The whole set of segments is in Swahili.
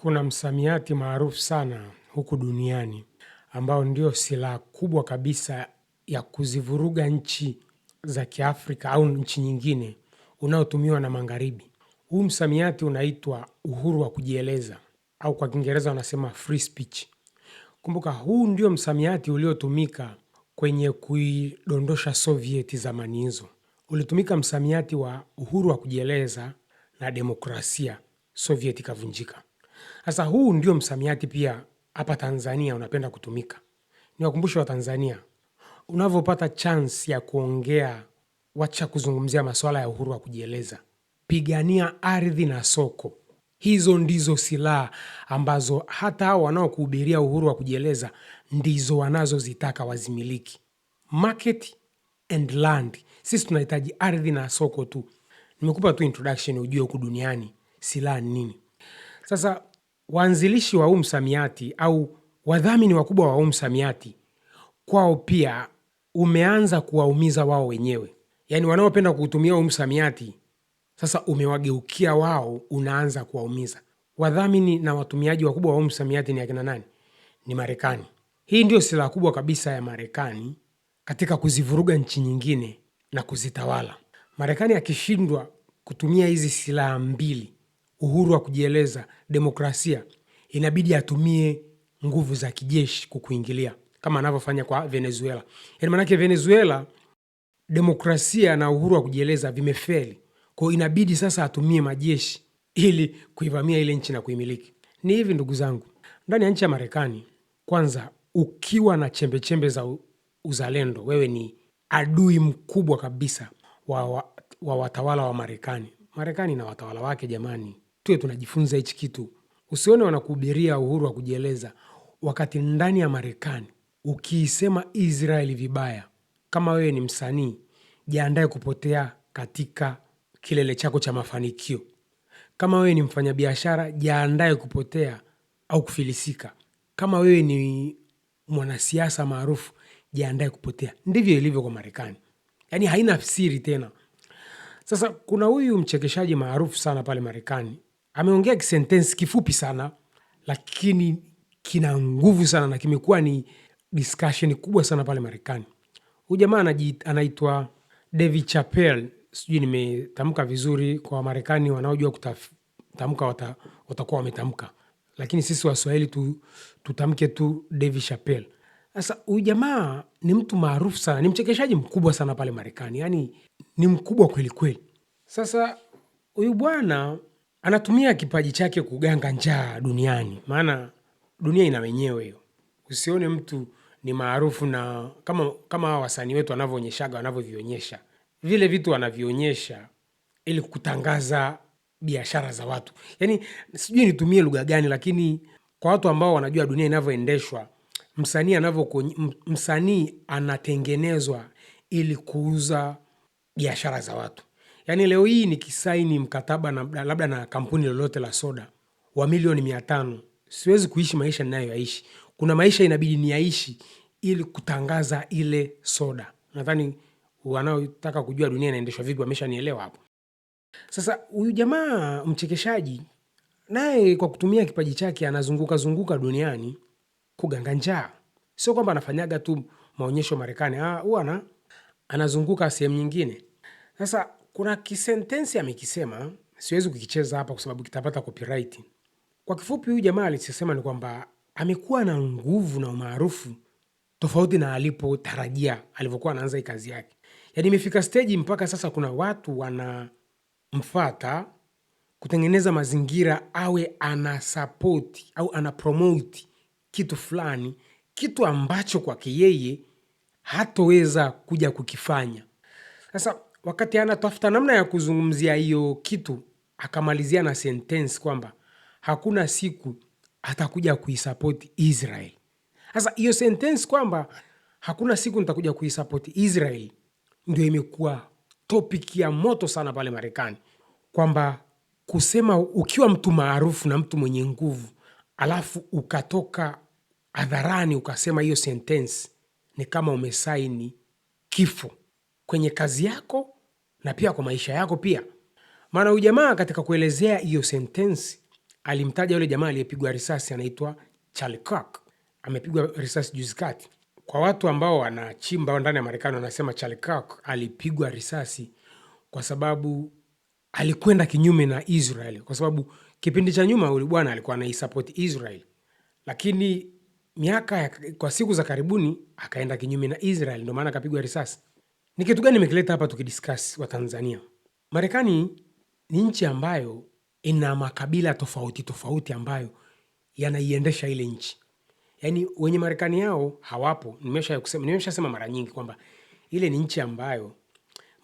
Kuna msamiati maarufu sana huku duniani ambao ndio silaha kubwa kabisa ya kuzivuruga nchi za Kiafrika au nchi nyingine unaotumiwa na Magharibi. Huu msamiati unaitwa uhuru wa kujieleza au kwa Kiingereza wanasema free speech. Kumbuka, huu ndio msamiati uliotumika kwenye kuidondosha Sovieti zamani hizo. Ulitumika msamiati wa uhuru wa kujieleza na demokrasia, Sovieti ikavunjika. Sasa huu ndio msamiati pia hapa Tanzania unapenda kutumika. Niwakumbushe Watanzania, unavyopata chance ya kuongea, wacha kuzungumzia masuala ya uhuru wa kujieleza, pigania ardhi na soko. Hizo ndizo silaha ambazo hata hao wanaokuhubiria uhuru wa kujieleza ndizo wanazozitaka wazimiliki, market and land. Sisi tunahitaji ardhi na soko tu. Nimekupa tu introduction ujue huku duniani silaha ni nini. Sasa waanzilishi wa huu msamiati au wadhamini wakubwa wa huu msamiati, kwao pia umeanza kuwaumiza wao wenyewe, yaani wanaopenda kuutumia huu msamiati sasa umewageukia wao, unaanza kuwaumiza. Wadhamini na watumiaji wakubwa wa huu msamiati ni akina nani? Ni Marekani. Hii ndio silaha kubwa kabisa ya Marekani katika kuzivuruga nchi nyingine na kuzitawala. Marekani akishindwa kutumia hizi silaha mbili uhuru wa kujieleza, demokrasia, inabidi atumie nguvu za kijeshi kukuingilia kama anavyofanya kwa Venezuela. Yaani maanake Venezuela demokrasia na uhuru wa kujieleza vimefeli, kwa inabidi sasa atumie majeshi ili kuivamia ile nchi na kuimiliki. Ni hivi ndugu zangu, ndani ya nchi ya Marekani, kwanza, ukiwa na chembechembe za uzalendo, wewe ni adui mkubwa kabisa wa, wa, wa watawala wa Marekani. Marekani na watawala wake jamani tuwe tunajifunza hichi kitu. Usione wanakuhubiria uhuru wa kujieleza, wakati ndani ya Marekani ukiisema Israeli vibaya, kama wewe ni msanii, jiandae kupotea katika kilele chako cha mafanikio. Kama wewe ni mfanyabiashara, jiandae kupotea au kufilisika. Kama wewe ni mwanasiasa maarufu, jiandae kupotea. Ndivyo ilivyo kwa Marekani, yaani haina siri tena. Sasa kuna huyu mchekeshaji maarufu sana pale Marekani ameongea kisentensi kifupi sana, lakini kina nguvu sana na kimekuwa ni discussion kubwa sana pale Marekani. Huyu jamaa anaitwa David chapel sijui nimetamka vizuri. Kwa Wamarekani wanaojua kutamka wata, watakuwa wametamka, lakini sisi Waswahili tu, tutamke tu David chapel Sasa huyu jamaa ni mtu maarufu sana, ni mchekeshaji mkubwa sana pale Marekani, yaani ni mkubwa kwelikweli. Sasa huyu bwana anatumia kipaji chake kuganga njaa duniani, maana dunia ina wenyewe hiyo. Usione mtu ni maarufu na kama kama wasanii wetu wanavyoonyeshaga, wanavyovionyesha vile vitu wanavionyesha ili kutangaza biashara za watu. Yani sijui nitumie lugha gani, lakini kwa watu ambao wanajua dunia inavyoendeshwa, msanii anavyo msanii anatengenezwa ili kuuza biashara za watu. Yaani leo hii nikisaini mkataba na labda na kampuni lolote la soda wa milioni mia tano, siwezi kuishi maisha ninayoyaishi. Kuna maisha inabidi niyaishi ili kutangaza ile soda. Nadhani wanaotaka kujua dunia inaendeshwa vipi wameshanielewa hapo. Sasa huyu jamaa mchekeshaji naye kwa kutumia kipaji chake anazunguka zunguka duniani kuganga njaa. Sio kwamba anafanyaga tu maonyesho Marekani, ah, huwa anazunguka sehemu nyingine. Sasa kuna kisentensi amekisema, siwezi kukicheza hapa kwa sababu kitapata copyright. Kwa kifupi, huyu jamaa alichosema ni kwamba amekuwa na nguvu na umaarufu tofauti na alipotarajia alivyokuwa anaanza hii kazi yake. Yaani imefika steji mpaka sasa kuna watu wanamfata kutengeneza mazingira awe ana sapoti au ana promoti kitu fulani, kitu ambacho kwake yeye hatoweza kuja kukifanya. Sasa wakati anatafuta namna ya kuzungumzia hiyo kitu akamalizia na sentence kwamba hakuna siku atakuja kuisapoti Israel. Sasa hiyo sentence kwamba hakuna siku nitakuja kuisapoti Israel ndio imekuwa topic ya moto sana pale Marekani, kwamba kusema ukiwa mtu maarufu na mtu mwenye nguvu alafu ukatoka hadharani ukasema hiyo sentence ni kama umesaini kifo kwenye kazi yako na pia kwa maisha yako pia. Maana huyu jamaa katika kuelezea hiyo sentensi alimtaja yule jamaa aliyepigwa risasi anaitwa Charlie Amepigwa risasi juzi kati. Kwa watu ambao wanachimba ndani ya Marekani wanasema Charlie alipigwa risasi kwa sababu alikwenda kinyume na Israel, kwa sababu kipindi cha nyuma yule bwana alikuwa anaisapoti Israel, lakini miaka kwa siku za karibuni akaenda kinyume na Israel, ndio maana akapigwa risasi. Ni kitu gani imekileta hapa wa Watanzania? Marekani ni nchi ambayo ina makabila tofauti tofauti ambayo yanaiendesha ile nchi, yaani wenye Marekani yao hawapo. Nimeshasema mara nyingi kwamba ile ni nchi ambayo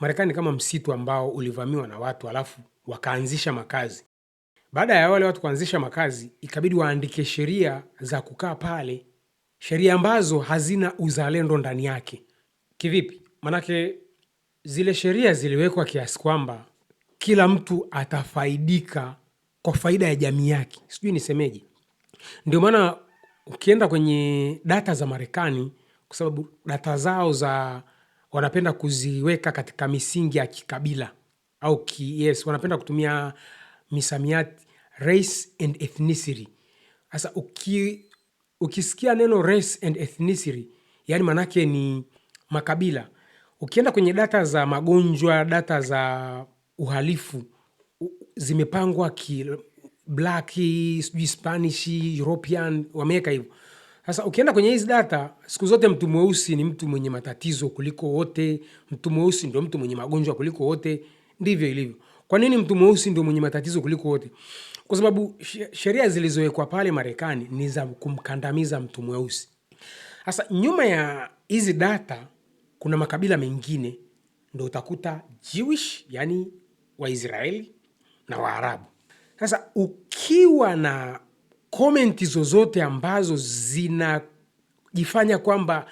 Marekani kama msitu ambao ulivamiwa na watu alafu wakaanzisha makazi. Baada ya wale watu kuanzisha makazi, ikabidi waandike sheria za kukaa pale, sheria ambazo hazina uzalendo ndani yake. Kivipi? Manake zile sheria ziliwekwa kiasi kwamba kila mtu atafaidika kwa faida ya jamii yake, sijui nisemeje. Ndio maana ukienda kwenye data za Marekani, kwa sababu data zao za wanapenda kuziweka katika misingi ya kikabila au ki, yes, wanapenda kutumia misamiati race and ethnicity. Sasa uki, ukisikia neno race and ethnicity, yani maanake ni makabila Ukienda kwenye data za magonjwa, data za uhalifu zimepangwa ki black, sijui Spanish, European, wameweka hivyo. Sasa ukienda kwenye hizi data, siku zote mtu mweusi ni mtu mwenye matatizo kuliko wote, mtu mweusi ndio mtu mwenye magonjwa kuliko wote. Ndivyo ilivyo. Kwa nini mtu mweusi ndio mwenye matatizo kuliko wote? Kwa sababu sheria zilizowekwa pale Marekani ni za kumkandamiza mtu mweusi. Sasa nyuma ya hizi data kuna makabila mengine ndo utakuta Jewish, yani Waisraeli na Waarabu. Sasa ukiwa na komenti zozote ambazo zinajifanya kwamba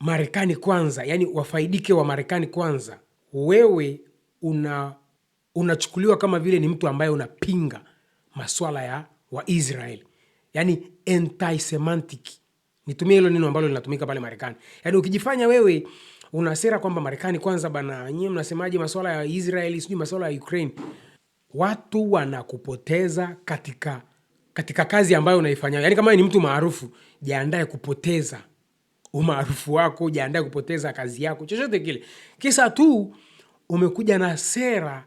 Marekani kwanza, yani wafaidike wa Marekani kwanza, wewe una unachukuliwa kama vile ni mtu ambaye unapinga maswala ya Waisraeli, yani anti Nitumie hilo neno ambalo linatumika pale Marekani, yani ukijifanya wewe una sera kwamba Marekani kwanza bana, nyie mnasemaje masuala ya Israeli, sijui masuala ya Ukraine. Watu wanakupoteza katika katika kazi ambayo unaifanya. Yaani kama ni mtu maarufu, jiandae kupoteza umaarufu wako, jiandae kupoteza kazi yako, chochote kile, kisa tu umekuja na sera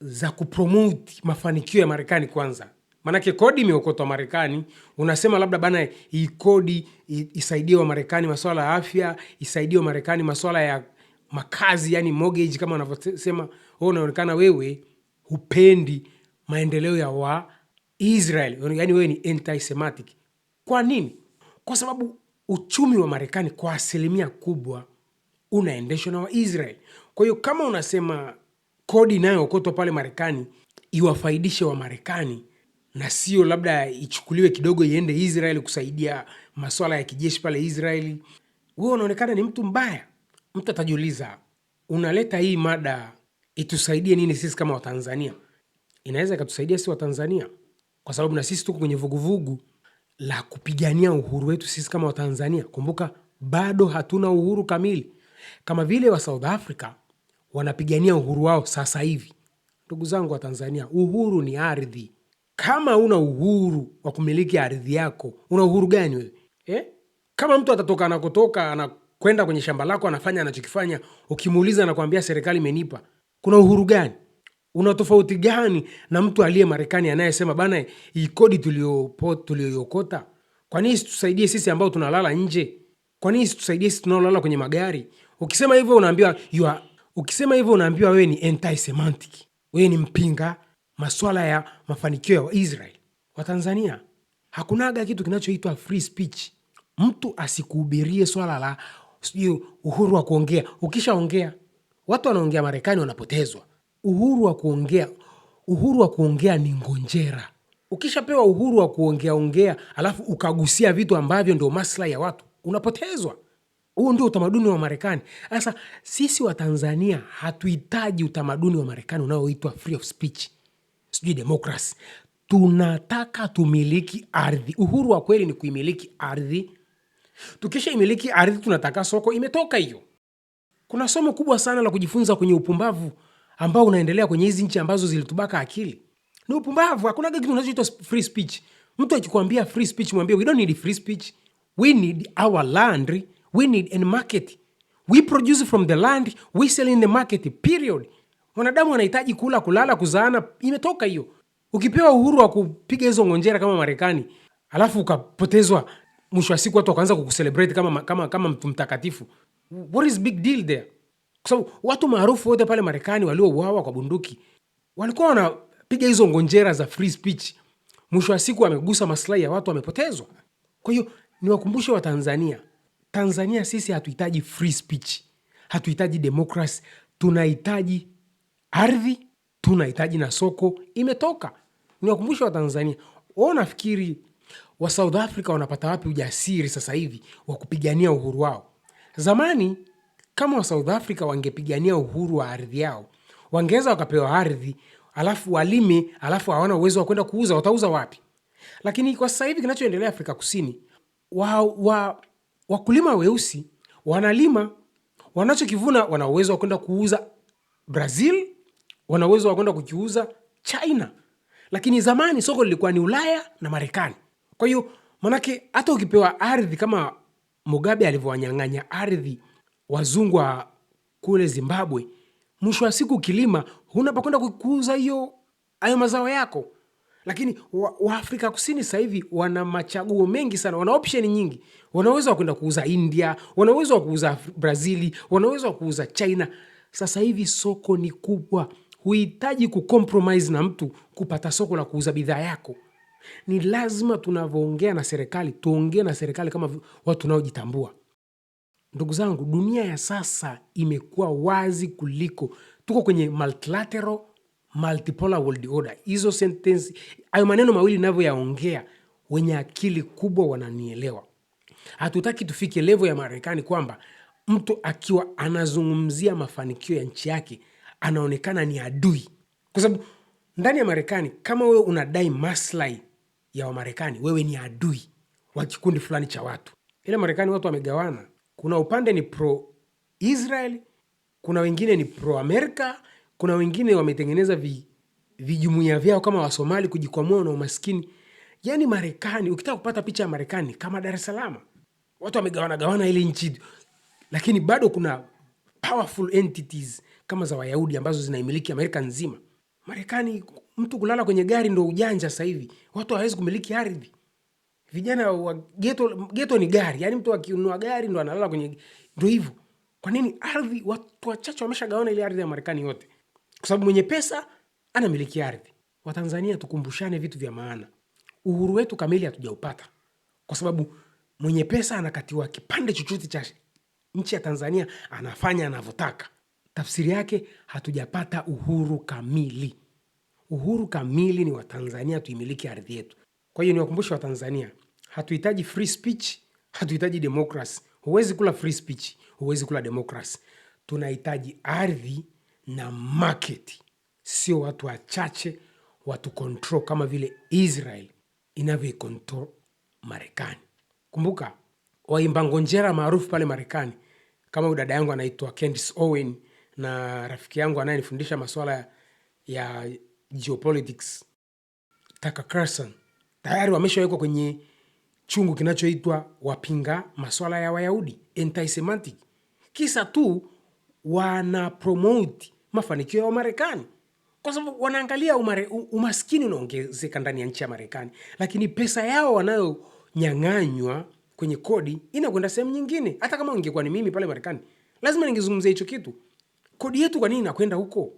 za kupromoti mafanikio ya Marekani kwanza. Manake kodi imeokotwa Marekani, unasema labda bana, hii kodi isaidie Wamarekani maswala ya afya, isaidie Wamarekani maswala ya makazi, yani mortgage kama wanavyosema. Wewe unaonekana wewe hupendi maendeleo ya israel yani wewe ni anti Kwa nini? Kwa sababu uchumi wa Marekani kwa asilimia kubwa unaendeshwa na Waisrael. Kwa hiyo kama unasema kodi inayookotwa pale Marekani iwafaidishe Wamarekani, na sio labda ichukuliwe kidogo iende israel kusaidia masuala ya kijeshi pale Israeli. Wewe unaonekana ni mtu mbaya. Mtu atajiuliza unaleta hii mada itusaidie nini sisi kama Watanzania? Inaweza ikatusaidia sisi Watanzania, kwa sababu na sisi tuko kwenye vuguvugu la kupigania uhuru wetu sisi kama Watanzania. Kumbuka bado hatuna uhuru kamili, kama vile wa South Africa wanapigania uhuru wao sasa hivi. Ndugu zangu wa Tanzania, uhuru ni ardhi. Kama una uhuru wa kumiliki ardhi yako, una uhuru gani wewe eh? Kama mtu atatoka anakotoka, anakwenda kwenye shamba lako, anafanya anachokifanya, ukimuuliza anakwambia serikali imenipa, kuna uhuru gani? Una tofauti gani na mtu aliye Marekani anayesema bana, hii kodi tuliyoiokota, kwanini situsaidie sisi ambao tunalala nje? kwanini situsaidie sisi tunaolala kwenye magari? Ukisema hivyo unaambiwa ukisema hivyo unaambiwa wewe ni anti-Semitic, wewe ni mpinga maswala ya mafanikio ya wa Watanzania hakunaga kitu kinachoitwa free speech. Mtu asikuhubirie swala la sijui uhuru wa kuongea. Ukishaongea, watu wanaongea Marekani wanapotezwa uhuru wa kuongea. Uhuru wa kuongea ni ngonjera. Ukishapewa uhuru wa kuongea ongea, alafu ukagusia vitu ambavyo ndio maslahi ya watu, unapotezwa. Huo ndio utamaduni wa Marekani. Sasa sisi Watanzania hatuhitaji utamaduni wa Marekani unaoitwa free of speech sijui demokrasi tunataka tumiliki ardhi uhuru wa kweli ni kuimiliki ardhi tukisha imiliki ardhi tunataka soko imetoka hiyo kuna somo kubwa sana la kujifunza kwenye upumbavu ambao unaendelea kwenye hizi nchi ambazo zilitubaka akili ni upumbavu hakunaga kitu unachoitwa free speech mtu akikuambia free speech mwambie we don't need free speech we need our land we need an market we produce from the land we sell in the market period Wanadamu wanahitaji kula, kulala, kuzaana, imetoka hiyo. Ukipewa uhuru wa kupiga hizo ngonjera kama Marekani alafu ukapotezwa, mwisho wa siku watu wakaanza kukucelebrate kama, kama, kama mtu mtakatifu. What is big deal there? Kwa sababu watu maarufu wote pale Marekani waliouawa kwa bunduki walikuwa wanapiga hizo ngonjera za free speech. Mwisho wa siku amegusa maslahi ya watu, wamepotezwa. Kwa hiyo niwakumbushe Watanzania, Tanzania sisi hatuhitaji free speech, hatuhitaji demokrasi, tunahitaji ardhi tunahitaji na soko imetoka. Niwakumbusha Watanzania wa nafikiri wa South Africa wanapata wapi ujasiri sasa hivi wa kupigania uhuru wao? Zamani kama wa South Africa wangepigania uhuru wa ardhi yao, wangeweza wakapewa ardhi alafu walime, alafu hawana uwezo wa kwenda kuuza, watauza wapi? Lakini kwa sasa hivi kinachoendelea Afrika Kusini, wa, wa, wakulima weusi wanalima, wanachokivuna wana uwezo wa kwenda kuuza Brazil wana uwezo wa kwenda kukiuza China, lakini zamani soko lilikuwa ni Ulaya na Marekani. Kwa hiyo manake hata ukipewa ardhi kama Mugabe alivyowanyang'anya ardhi wazungu wa kule Zimbabwe, mwisho wa siku kilima huna pakwenda kukuuza hiyo ayo mazao yako. Lakini Waafrika wa Kusini hivi wana machaguo mengi sana, wana option nyingi, wanaweza wa kwenda kuuza India, wanaweza wa kuuza Brazili, wanaweza wa kuuza China. Sasa hivi soko ni kubwa huhitaji kucompromise na mtu kupata soko la kuuza bidhaa yako. Ni lazima tunavyoongea na serikali, tuongee na serikali kama watu wanaojitambua Ndugu zangu, dunia ya sasa imekuwa wazi kuliko tuko kwenye multilateral multipolar world order. Hizo sentensi, hayo maneno mawili inavyoyaongea wenye akili kubwa wananielewa. Hatutaki tufike levo ya Marekani kwamba mtu akiwa anazungumzia mafanikio ya nchi yake anaonekana ni adui, kwa sababu ndani ya Marekani kama wewe unadai maslahi ya Wamarekani, wewe ni adui wa kikundi fulani cha watu. ila Marekani watu wamegawana, kuna upande ni pro Israel, kuna wengine ni pro Amerika, kuna wengine wametengeneza vi, vijumuia vyao kama Wasomali kujikwamua na umaskini. yani Marekani, ukitaka kupata picha ya Marekani kama Dar es salama watu wamegawanagawana ile nchi, lakini bado kuna powerful entities kama za Wayahudi ambazo zinaimiliki Amerika nzima. Marekani mtu kulala kwenye gari ndo ujanja sahivi watu hawawezi kumiliki ardhi. Vijana wa geto, geto ni gari, yani mtu akinua gari ndo analala kwenye, ndo hivo Kwa nini? Ardhi watu wachache wameshagawana ile ardhi ya Marekani yote, kwa sababu mwenye pesa anamiliki ardhi. Watanzania, tukumbushane vitu vya maana. Uhuru wetu kamili hatujaupata kwa sababu mwenye pesa anakatiwa kipande chochote cha nchi ya Tanzania, anafanya anavyotaka. Tafsiri yake hatujapata uhuru kamili. Uhuru kamili ni Watanzania tuimiliki ardhi yetu. Kwa hiyo niwakumbushe Watanzania, hatuhitaji free speech, hatuhitaji demokrasi. Huwezi kula free speech, huwezi kula demokrasi. Tunahitaji ardhi na maketi sio watu wachache watu control kama vile Israel inavyoikontrol Marekani. Kumbuka waimba ngonjera maarufu pale Marekani kama dada yangu anaitwa Candice Owen na rafiki yangu anayenifundisha maswala ya geopolitics taka carson tayari wameshawekwa kwenye chungu kinachoitwa wapinga maswala ya Wayahudi, anti kisa tu wanapromote mafanikio ya Wamarekani kwa sababu wanaangalia umare, umaskini unaongezeka ndani ya nchi ya Marekani, lakini pesa yao wanayonyang'anywa kwenye kodi inakwenda sehemu nyingine. Hata kama ungekuwa ni mimi pale Marekani, lazima ningezungumzia hicho kitu kodi yetu kwa nini nakwenda huko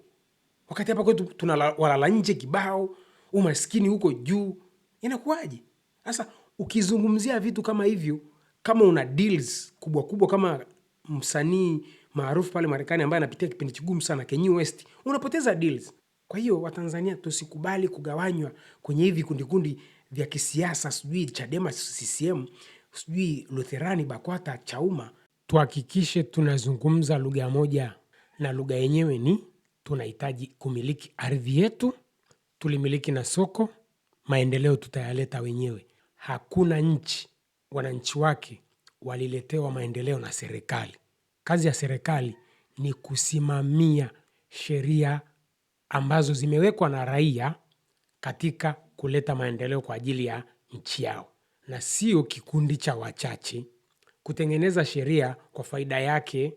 wakati hapa kwetu tuna walala nje kibao, umaskini huko juu, inakuwaje? Sasa ukizungumzia vitu kama hivyo, kama una deals kubwa kubwa kama msanii maarufu pale Marekani ambaye anapitia kipindi kigumu sana Kanye West, unapoteza deals. Kwa hiyo Watanzania tusikubali kugawanywa kwenye hivi kundi kundi vya kisiasa, sijui Chadema, CCM, sijui Lutherani, Bakwata, Chauma. Tuhakikishe tunazungumza lugha moja na lugha yenyewe ni tunahitaji kumiliki ardhi yetu, tulimiliki na soko, maendeleo tutayaleta wenyewe. Hakuna nchi wananchi wake waliletewa maendeleo na serikali. Kazi ya serikali ni kusimamia sheria ambazo zimewekwa na raia katika kuleta maendeleo kwa ajili ya nchi yao, na sio kikundi cha wachache kutengeneza sheria kwa faida yake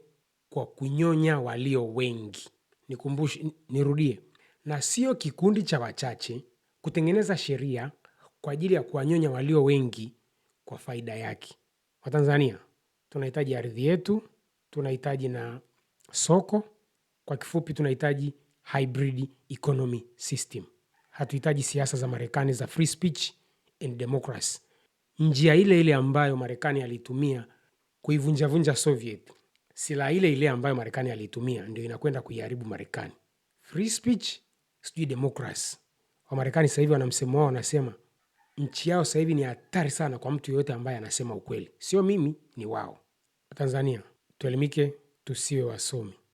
kwa kunyonya walio wengi. nikumbushe nirudie, na sio kikundi cha wachache kutengeneza sheria kwa ajili ya kuwanyonya walio wengi kwa faida yake. Watanzania tunahitaji ardhi yetu, tunahitaji na soko. Kwa kifupi, tunahitaji hybrid economy system. Hatuhitaji siasa za Marekani za free speech and democracy, njia ile ile ambayo Marekani alitumia kuivunjavunja Soviet silaha ile ile ambayo Marekani aliitumia ndio inakwenda kuiharibu Marekani. Free speech sijui democracy. Wamarekani sasa hivi wana msemo wao, wanasema nchi yao sasa hivi ni hatari sana kwa mtu yoyote ambaye anasema ukweli. Sio mimi, ni wao. Tanzania tuelimike, tusiwe wasomi.